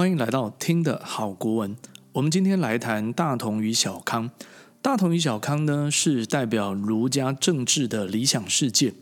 歡迎來到聽的好國文。我們今天來談大同與小康。大同與小康呢，是代表儒家政治的理想世界。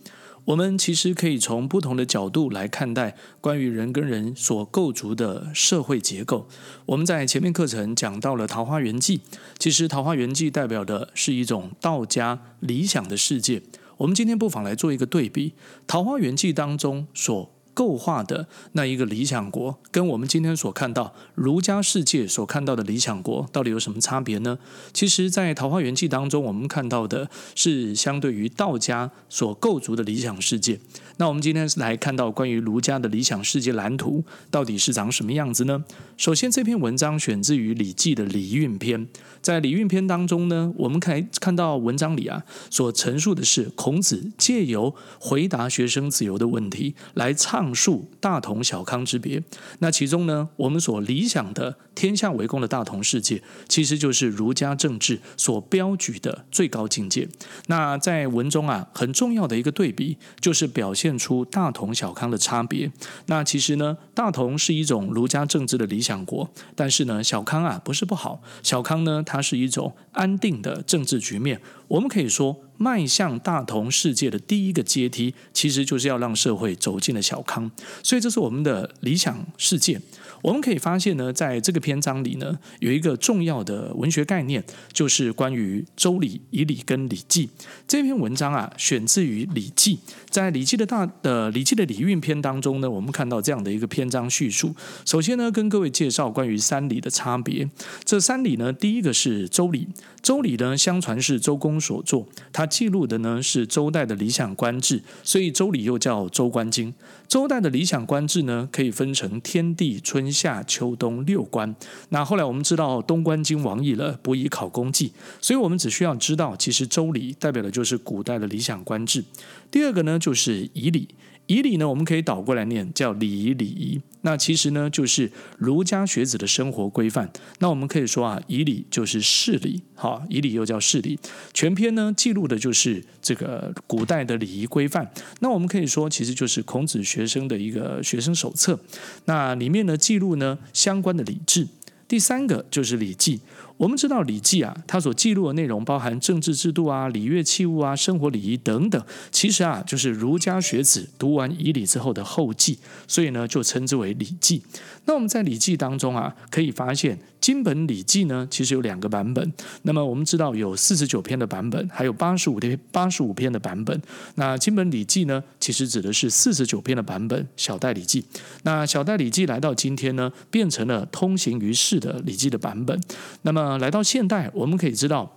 我們其實可以從不同的角度來看待關於人跟人所構築的社會結構。我們在前面課程講到了《桃花源記》，其實《桃花源記》代表的是一種道家理想的世界。我們今天不妨來做一個對比，《桃花源記》當中所構化的那一個理想國，跟我們今天所看到儒家世界所看到的理想國，到底有什麼差別呢？其實，在《桃花源記》當中，我們看到的是相對於道家所構築的理想世界。那我們今天來看到關於儒家的理想世界藍圖，到底是長什麼樣子呢？首先，這篇文章選自於《禮記》的《禮運篇》。在《禮運篇》當中呢，我們可以看到文章裡啊所陳述的是孔子借由回答學生子游的問題來唱。述大同小康之別，那其中呢，我們所理想的天下為公的大同世界，其實就是儒家政治所標舉的最高境界。那在文中啊，很重要的一個對比，就是表現出大同小康的差別。那其實呢，大同是一種儒家政治的理想國，但是呢，小康啊不是不好，小康呢，它是一種安定的政治局面。我們可以說。邁向大同世界的第一個階梯，其實就是要讓社會走進了小康，所以這是我們的理想世界。我們可以發現呢，在這個篇章裡呢，有一個重要的文學概念，就是關於周《周禮》《儀禮》跟《禮記》這篇文章啊，選自於《禮記》。在《禮記》的大呃、《禮記》的《禮運》篇當中呢，我們看到這樣的一個篇章敘述。首先呢，跟各位介紹關於三禮的差別。這三禮呢，第一個是周《周禮》。周禮呢，相傳是周公所作，他記錄的呢是周代的理想官制，所以周禮又叫周官經。周代的理想官制呢，可以分成天地春夏秋冬六官。那後來我們知道冬官經亡佚了，不以考工記，所以我們只需要知道，其實周禮代表的就是古代的理想官制。第二個呢，就是儀禮。以禮呢，我們可以倒過來念，叫禮儀禮儀。那其實呢，就是儒家學子的生活規範。那我們可以說啊，儀禮就是士禮，哈、哦，儀禮又叫士禮。全篇呢，記錄的就是這個古代的禮儀規範。那我們可以說，其實就是孔子學生的一個學生手冊。那裡面呢，記錄呢相關的禮制。第三個就是《禮記》。我們知道《禮記》啊，它所記錄的內容包含政治制度啊、禮樂器物啊、生活禮儀等等。其實啊，就是儒家學子讀完《儀禮》之後的後記，所以呢，就稱之為《禮記》。那我們在《禮記》當中啊，可以發現。今本《禮記》呢，其實有兩個版本。那麼我們知道有四十九篇的版本，還有八十五篇，八十五篇的版本。那今本《禮記》呢，其實指的是四十九篇的版本，小戴《禮記》。那小戴《禮記》來到今天呢，變成了通行於世的《禮記》的版本。那麼來到現代，我們可以知道，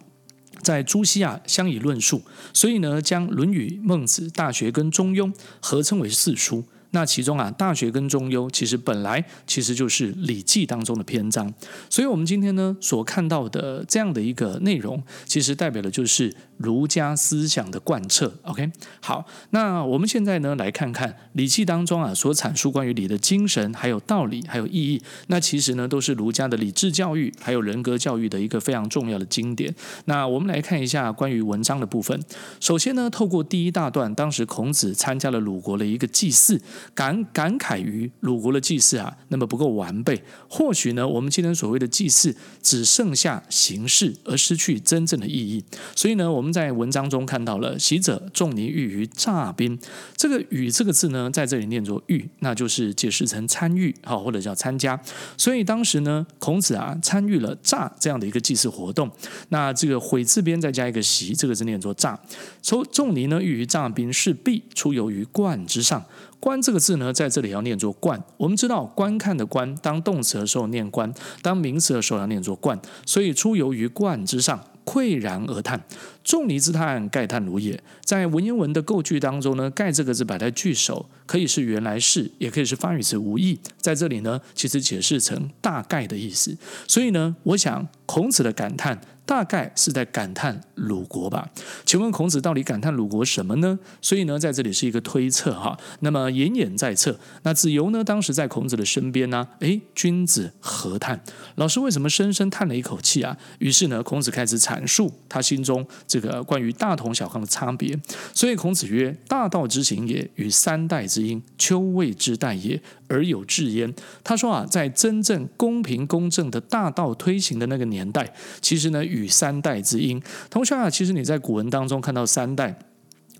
在朱熹啊相以論述，所以呢，將《論語》《孟子》、《大學》跟《中庸》，合稱為四書。那其中啊，大學跟中庸其實本來其實就是《禮記》當中的篇章，所以我們今天呢所看到的這樣的一個內容，其實代表的就是儒家思想的貫徹。OK，好，那我們現在呢來看看《禮記》當中啊所闡述關於禮的精神，還有道理，還有意義。那其實呢都是儒家的禮制教育，還有人格教育的一個非常重要的經典。那我們來看一下關於文章的部分。首先呢，透過第一大段，當時孔子參加了魯國的一個祭祀。感感慨於魯國的祭祀啊，那麼不夠完備。或許呢，我們今天所謂的祭祀只剩下形式，而失去真正的意義。所以呢，我們在文章中看到了“昔者仲尼與於蠟賓”，這個“與”這個字呢，在這裡念作“欲”，那就是解釋成參與，好、哦、或者叫參加。所以當時呢，孔子啊參與了蠟這樣的一個祭祀活動。那這個“悔”字邊再加一個“昔”，這個字念作“蠟”。說仲尼呢與於蠟賓，事畢，出遊於觀之上，觀之、這個。這個字呢，在這裡要念作「觀」。我們知道「觀看」的「觀」，當動詞的時候念「觀」，當名詞的時候要念作「觀」。所以出遊於觀之上，喟然而嘆。仲尼之嘆，蓋嘆魯也。在文言文的構句當中呢，蓋這個字擺在句首，可以是原來是，也可以是發語詞，無意。在這裡呢，其實解釋成大概的意思。所以呢，我想孔子的感嘆大概是在感嘆魯國吧？請問孔子到底感嘆魯國什麼呢？所以呢，在這裡是一個推測哈、啊。那麼言偃在側，那子游呢，當時在孔子的身邊呢、啊，誒，君子何嘆？老師為什麼深深嘆了一口氣啊？於是呢，孔子開始闡述他心中。這個關於大同小康的差別，所以孔子曰：“大道之行也，與三代之英，丘未之逮也，而有志焉。”他說啊，在真正公平公正的大道推行的那個年代，其實呢，與三代之英。同學啊，其實你在古文當中看到三代。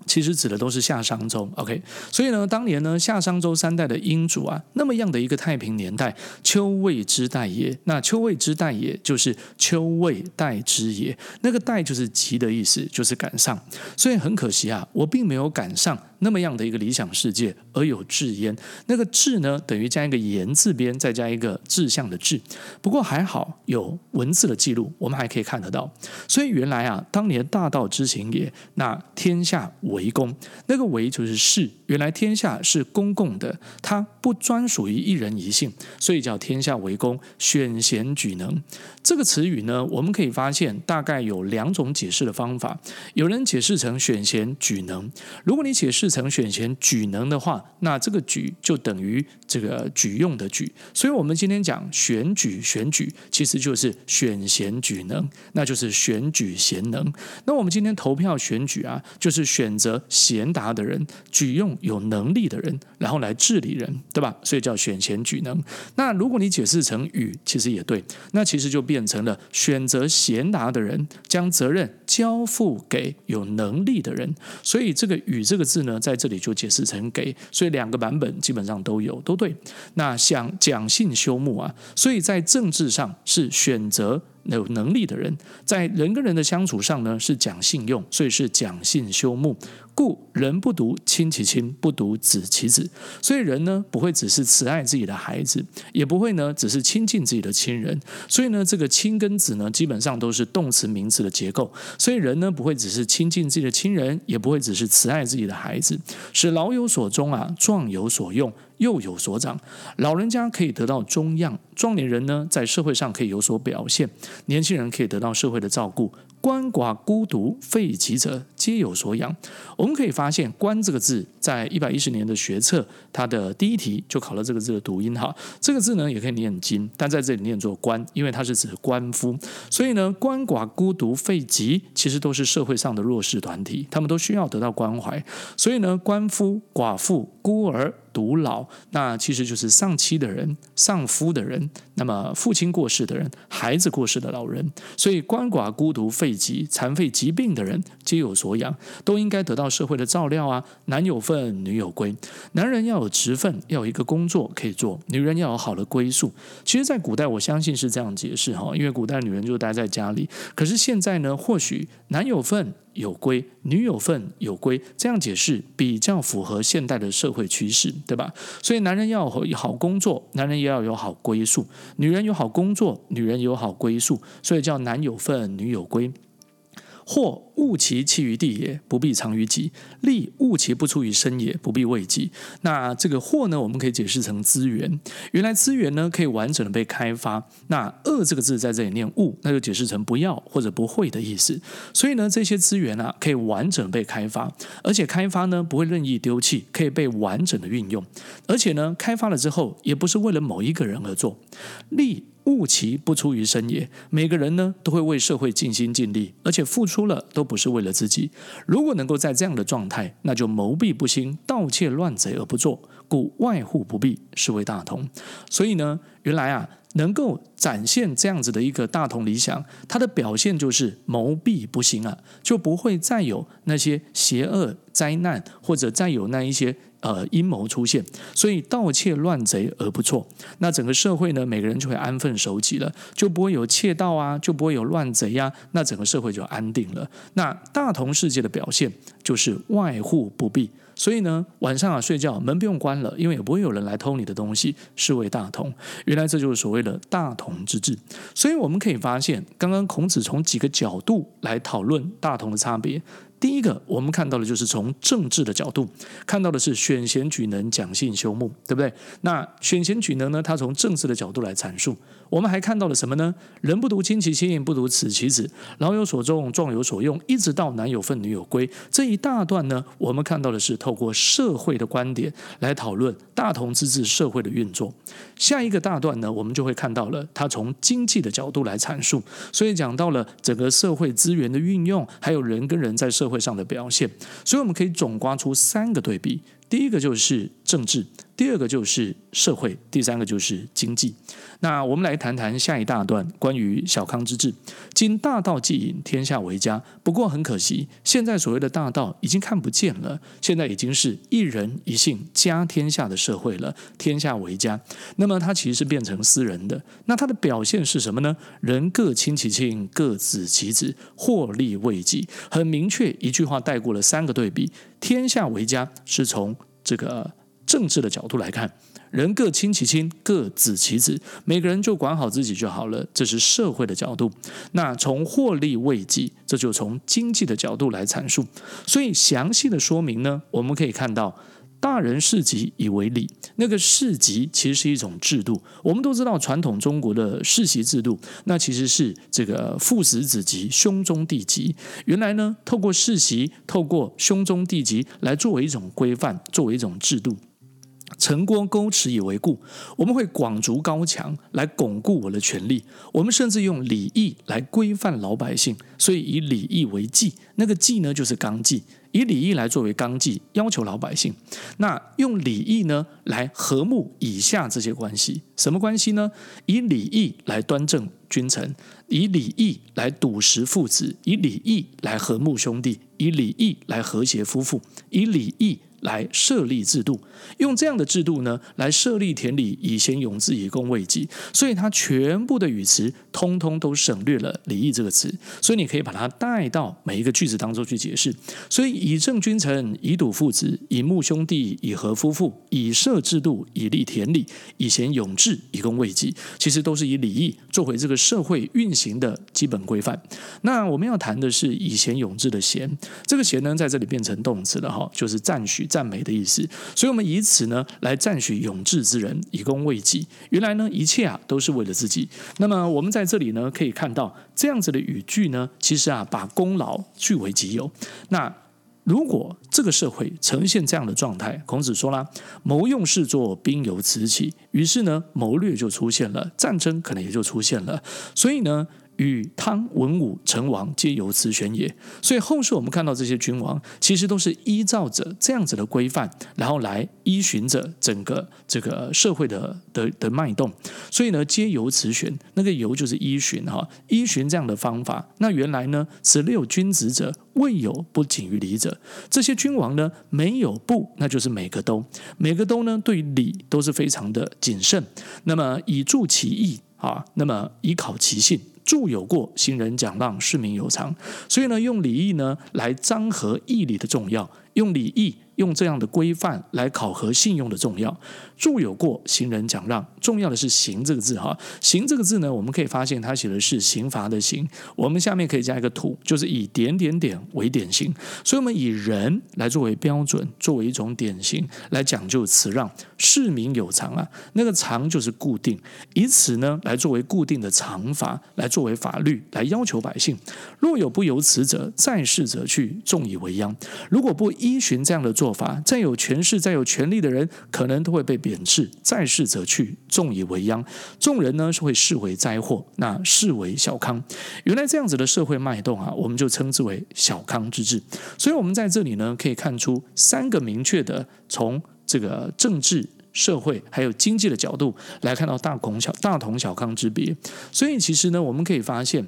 其實指的都是夏商周，OK。所以呢，當年呢夏商周三代的英主啊，那麼樣的一個太平年代，丘未之逮也。那丘未之逮也就是丘未逮之也，那個逮就是及的意思，就是趕上。所以很可惜啊，我並沒有趕上。那麼樣的一個理想世界，而有志焉。那個“志”呢，等於加一個“言”字邊，再加一個“志向”的“志”。不過還好有文字的記錄，我們還可以看得到。所以原來啊，當年的大道之行也，那天下為公。那個“為”就是“是”，原來天下是公共的，它不專屬於一人一姓，所以叫天下為公。選賢舉能這個詞語呢，我們可以發現大概有兩種解釋的方法。有人解釋成選賢舉能，如果你解釋。成選賢舉能的話，那這個舉就等於這個舉用的舉，所以我們今天講選舉，選舉其實就是選賢舉能，那就是選舉賢能。那我們今天投票選舉啊，就是選擇賢達的人，舉用有能力的人，然後來治理人，對吧？所以叫選賢舉能。那如果你解釋成與，其實也對，那其實就變成了選擇賢達的人，將責任交付給有能力的人，所以這個與這個字呢。在這裡就解釋成給，所以兩個版本基本上都有，都對。那像講信修睦啊，所以在政治上是選擇。有能力的人，在人跟人的相處上呢，是講信用，所以是講信修睦。故人不獨親其親，不獨子其子。所以人呢，不會只是慈愛自己的孩子，也不會呢，只是親近自己的親人。所以呢，這個親跟子呢，基本上都是動詞名詞的結構。所以人呢，不會只是親近自己的親人，也不會只是慈愛自己的孩子，使老有所終啊，壯有所用。幼有所長，老人家可以得到終養。壯年人呢，在社會上可以有所表現，年輕人可以得到社會的照顧，鰥寡孤獨廢疾者皆有所養。我們可以發現“鰥”這個字，在一百一十年的學測，它的第一題就考了這個字的讀音哈。這個字呢，也可以念“金”，但在這裡念作“鰥”，因為它是指鰥夫。所以呢，鰥寡孤獨廢疾其實都是社會上的弱勢團體，他們都需要得到關懷。所以呢，鰥夫、寡婦、孤兒。獨老，那其實就是喪妻的人、喪夫的人，那麼父親過世的人、孩子過世的老人，所以鰥寡孤獨廢疾殘廢疾病的人，皆有所養，都應該得到社會的照料啊。男有份，女有歸，男人要有職份，要有一個工作可以做，女人要有好的歸宿。其實在古代，我相信是這樣解釋哈，因為古代女人就待在家裡。可是現在呢，或許男有份。有歸，女有份，有歸，這樣解釋比較符合現代的社會趨勢，對吧？所以男人要有好工作，男人也要有好歸宿；女人有好工作，女人有好歸宿，所以叫男有份，女有歸。或物其棄於地也，不必藏於己；利物其不出於身也，不必為己。那這個“貨呢，我們可以解釋成資源。原來資源呢，可以完整的被開發。那“惡”這個字在這裡念“惡”，那就解釋成不要或者不會的意思。所以呢，這些資源呢、啊，可以完整被開發，而且開發呢，不會任意丟棄，可以被完整的運用。而且呢，開發了之後，也不是為了某一個人而做。利。惡其不出於身也。每個人呢，都會為社會盡心盡力，而且付出了都不是為了自己。如果能夠在這樣的狀態，那就謀閉不興，盜竊亂賊而不作，故外戶不閉，是謂大同。所以呢，原來啊，能夠展現這樣子的一個大同理想，它的表現就是謀閉不興啊，就不會再有那些邪惡災難，或者再有那一些。呃，陰謀出現，所以盜竊亂賊而不錯。那整個社會呢，每個人就會安分守己了，就不會有竊盜啊，就不會有亂賊呀、啊。那整個社會就安定了。那大同世界的表現就是外戶不閉，所以呢，晚上啊睡覺門不用關了，因為也不會有人來偷你的東西。是謂大同。原來這就是所謂的大同之治。所以我們可以發現，剛剛孔子從幾個角度來討論大同的差別。第一個，我們看到的就是從政治的角度，看到的是選賢舉能、講信修睦，對不對？那選賢舉能呢？它從政治的角度來闡述。我們還看到了什麼呢？人不獨親其親，不獨子其子，老有所終，壯有所用，一直到男有分，女有歸。這一大段呢，我們看到的是透過社會的觀點來討論大同之治社會的運作。下一個大段呢，我們就會看到了他從經濟的角度來闡述，所以講到了整個社會資源的運用，還有人跟人在社會上的表現。所以我們可以總括出三個對比：第一個就是政治。第二個就是社會，第三個就是經濟。那我們來談談下一大段關於小康之治。今大道既隱，天下為家。不過很可惜，現在所謂的大道已經看不見了。現在已經是一人一姓家天下的社會了，天下為家。那麼它其實是變成私人的。那它的表現是什麼呢？人各親其親，各子其子，貨力為己。很明確，一句話帶過了三個對比。天下為家是從這個政治的角度來看，人各親其親，各子其子，每個人就管好自己就好了。這是社會的角度。那從貨力為己，這就從經濟的角度來闡述。所以詳細的說明呢，我們可以看到，大人世及以為禮，那個世及其實是一種制度。我們都知道，傳統中國的世襲制度，那其實是這個父死子及，兄終弟及。原來呢，透過世襲，透過兄終弟及來作為一種規範，作為一種制度。城郭溝池以為固，我們會廣築高牆來鞏固我的權力。我們甚至用禮義來規範老百姓，所以以禮義為紀。那個紀呢，就是綱紀，以禮義來作為綱紀，要求老百姓。那用禮義呢，來和睦以下這些關係，什麼關係呢？以禮義來端正君臣，以禮義來篤實父子，以禮義來和睦兄弟，以禮義來和諧夫婦，以禮義，來設立制度，用這樣的制度呢，來設立田里，以賢勇知，以功為己。所以，他全部的語詞，通通都省略了“禮義”這個詞。所以，你可以把它帶到每一個句子當中去解釋。所以，以正君臣，以篤父子，以睦兄弟，以和夫婦，以設制度，以立田里，以賢勇知，以功為己，其實都是以禮義作為這個社會運行的基本規範。那我們要談的是“以賢勇知”的“賢”，這個“賢”呢，在這裡變成動詞了，哈，就是贊許。讚美的意思，所以我們以此呢來讚許勇智之人，以功為己。原來呢，一切啊都是為了自己。那麼我們在這裡呢可以看到，這樣子的語句呢，其實啊把功勞據為己有。那如果這個社會呈現這樣的狀態，孔子說啦，謀用是作，兵由此起，於是呢謀略就出現了，戰爭可能也就出現了。所以呢。禹湯文武成王，皆由此選也。所以後世我們看到這些君王，其實都是依照着這樣子的規範，然後來依循着整個這個社會的的的脈動。所以呢，皆由此選。那個由就是依循哈、啊，依循這樣的方法。那原來呢，十六君子者，未有不謹於禮者。這些君王呢，沒有不，那就是每個都，每個都呢，對禮都是非常的謹慎。那麼以助其意啊，那麼以考其信。著有過，刑仁講讓，示民有常。所以呢，用禮義呢來彰和義理的重要，用禮義。用這樣的規範來考核信用的重要，著有過，刑仁講讓，重要的是“刑”這個字哈，“刑”這個字呢，我們可以發現他寫的是刑罰的“刑”，我們下面可以加一個“土”，就是以點點點為典型，所以我們以仁來作為標準，作為一種典型來講究辭讓，示民有常啊，那個“常”就是固定，以此呢來作為固定的常法，來作為法律來要求百姓，若有不由此者，在世者去眾以為殃。如果不依循這樣的做法，再有權勢、再有權力的人，可能都會被貶斥；在勢者去，眾以為殃，眾人呢是會視為災禍，那視為小康。原來這樣子的社會脈動啊，我們就稱之為小康之治。所以，我們在這裡呢，可以看出三個明確的，從這個政治、社會還有經濟的角度來看到大同小、大同小康之別。所以，其實呢，我們可以發現。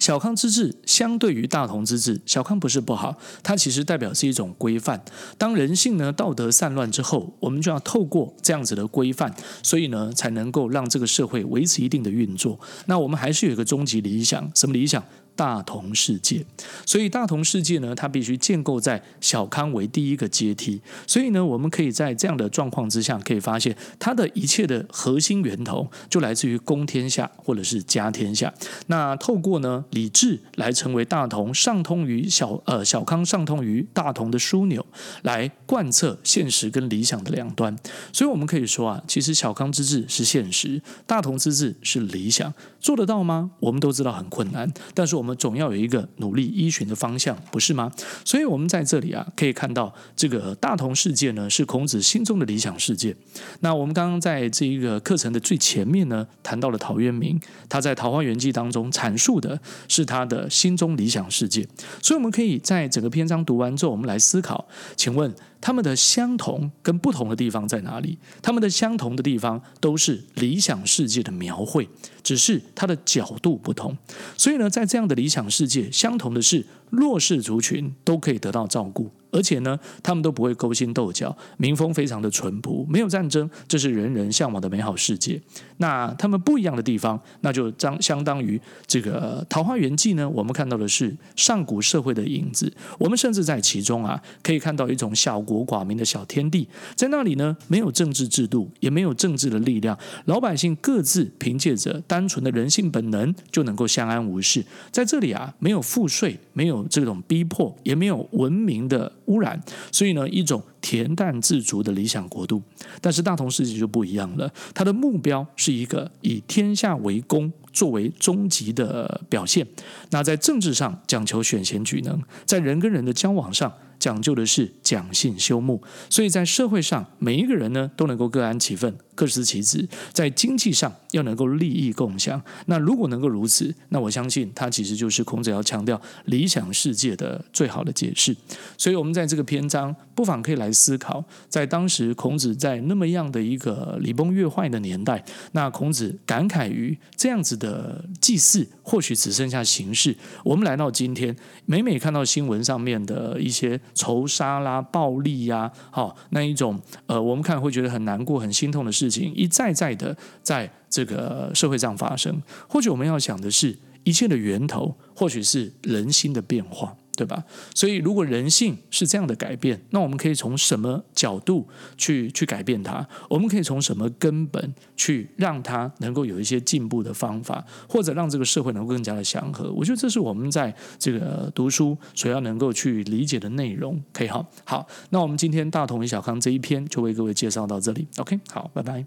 小康之治相對於大同之治，小康不是不好，它其實代表是一種規範。當人性呢道德散亂之後，我們就要透過這樣子的規範，所以呢才能夠讓這個社會維持一定的運作。那我們還是有一個終極理想，什麼理想？大同世界，所以大同世界呢，它必須建構在小康為第一個階梯。所以呢，我們可以在這樣的狀況之下，可以發現它的一切的核心源頭就來自於公天下或者是家天下。那透過呢，禮治來成為大同上通於小呃小康上通於大同的樞紐，來貫徹現實跟理想的兩端。所以我們可以說啊，其實小康之治是現實，大同之治是理想，做得到嗎？我們都知道很困難，但是我們。總要有一個努力依循的方向，不是嗎？所以，我們在這裡啊，可以看到這個大同世界呢，是孔子心中的理想世界。那我們剛剛在這一個課程的最前面呢，談到了陶淵明，他在《桃花源記》當中闡述的是他的心中理想世界。所以，我們可以在整個篇章讀完之後，我們來思考，請問。他們的相同跟不同的地方在哪裡？他們的相同的地方都是理想世界的描繪，只是它的角度不同。所以呢，在這樣的理想世界，相同的是。弱勢族群都可以得到照顧，而且呢，他們都不會勾心鬥角，民風非常的淳樸，沒有戰爭，這是人人向往的美好世界。那他們不一樣的地方，那就相相當於這個《桃花源記》呢，我們看到的是上古社會的影子，我們甚至在其中啊，可以看到一種小國寡民的小天地。在那裡呢，沒有政治制度，也沒有政治的力量，老百姓各自憑借着單純的人性本能就能夠相安無事。在這裡啊，沒有賦稅，沒有。這種逼迫，也沒有文明的污染，所以呢，一種恬淡自足的理想國度。但是大同世界就不一樣了，它的目標是一個以天下為公作為終極的表現。那在政治上講求選賢舉能，在人跟人的交往上。講究的是講信修睦，所以在社會上，每一個人呢都能夠各安其分、各司其職；在經濟上，要能夠利益共享。那如果能夠如此，那我相信，它其實就是孔子要強調理想世界的最好的解釋。所以，我們在這個篇章，不妨可以來思考，在當時孔子在那麼樣的一個禮崩樂壞的年代，那孔子感慨於這樣子的祭祀，或許只剩下形式。我們來到今天，每每看到新聞上面的一些。仇殺啦、啊、暴力呀，好，那一種呃，我們看會覺得很難過、很心痛的事情，一再再的在這個社會上發生。或許我們要想的是，一切的源頭或許是人心的變化。對吧？所以如果人性是這樣的改變，那我們可以從什麼角度去去改變它？我們可以從什麼根本去讓它能夠有一些進步的方法，或者讓這個社會能夠更加的祥和？我覺得這是我們在這個讀書所要能夠去理解的內容。可以哈，好，那我們今天大同與小康這一篇就為各位介紹到這裡。OK，好，拜拜。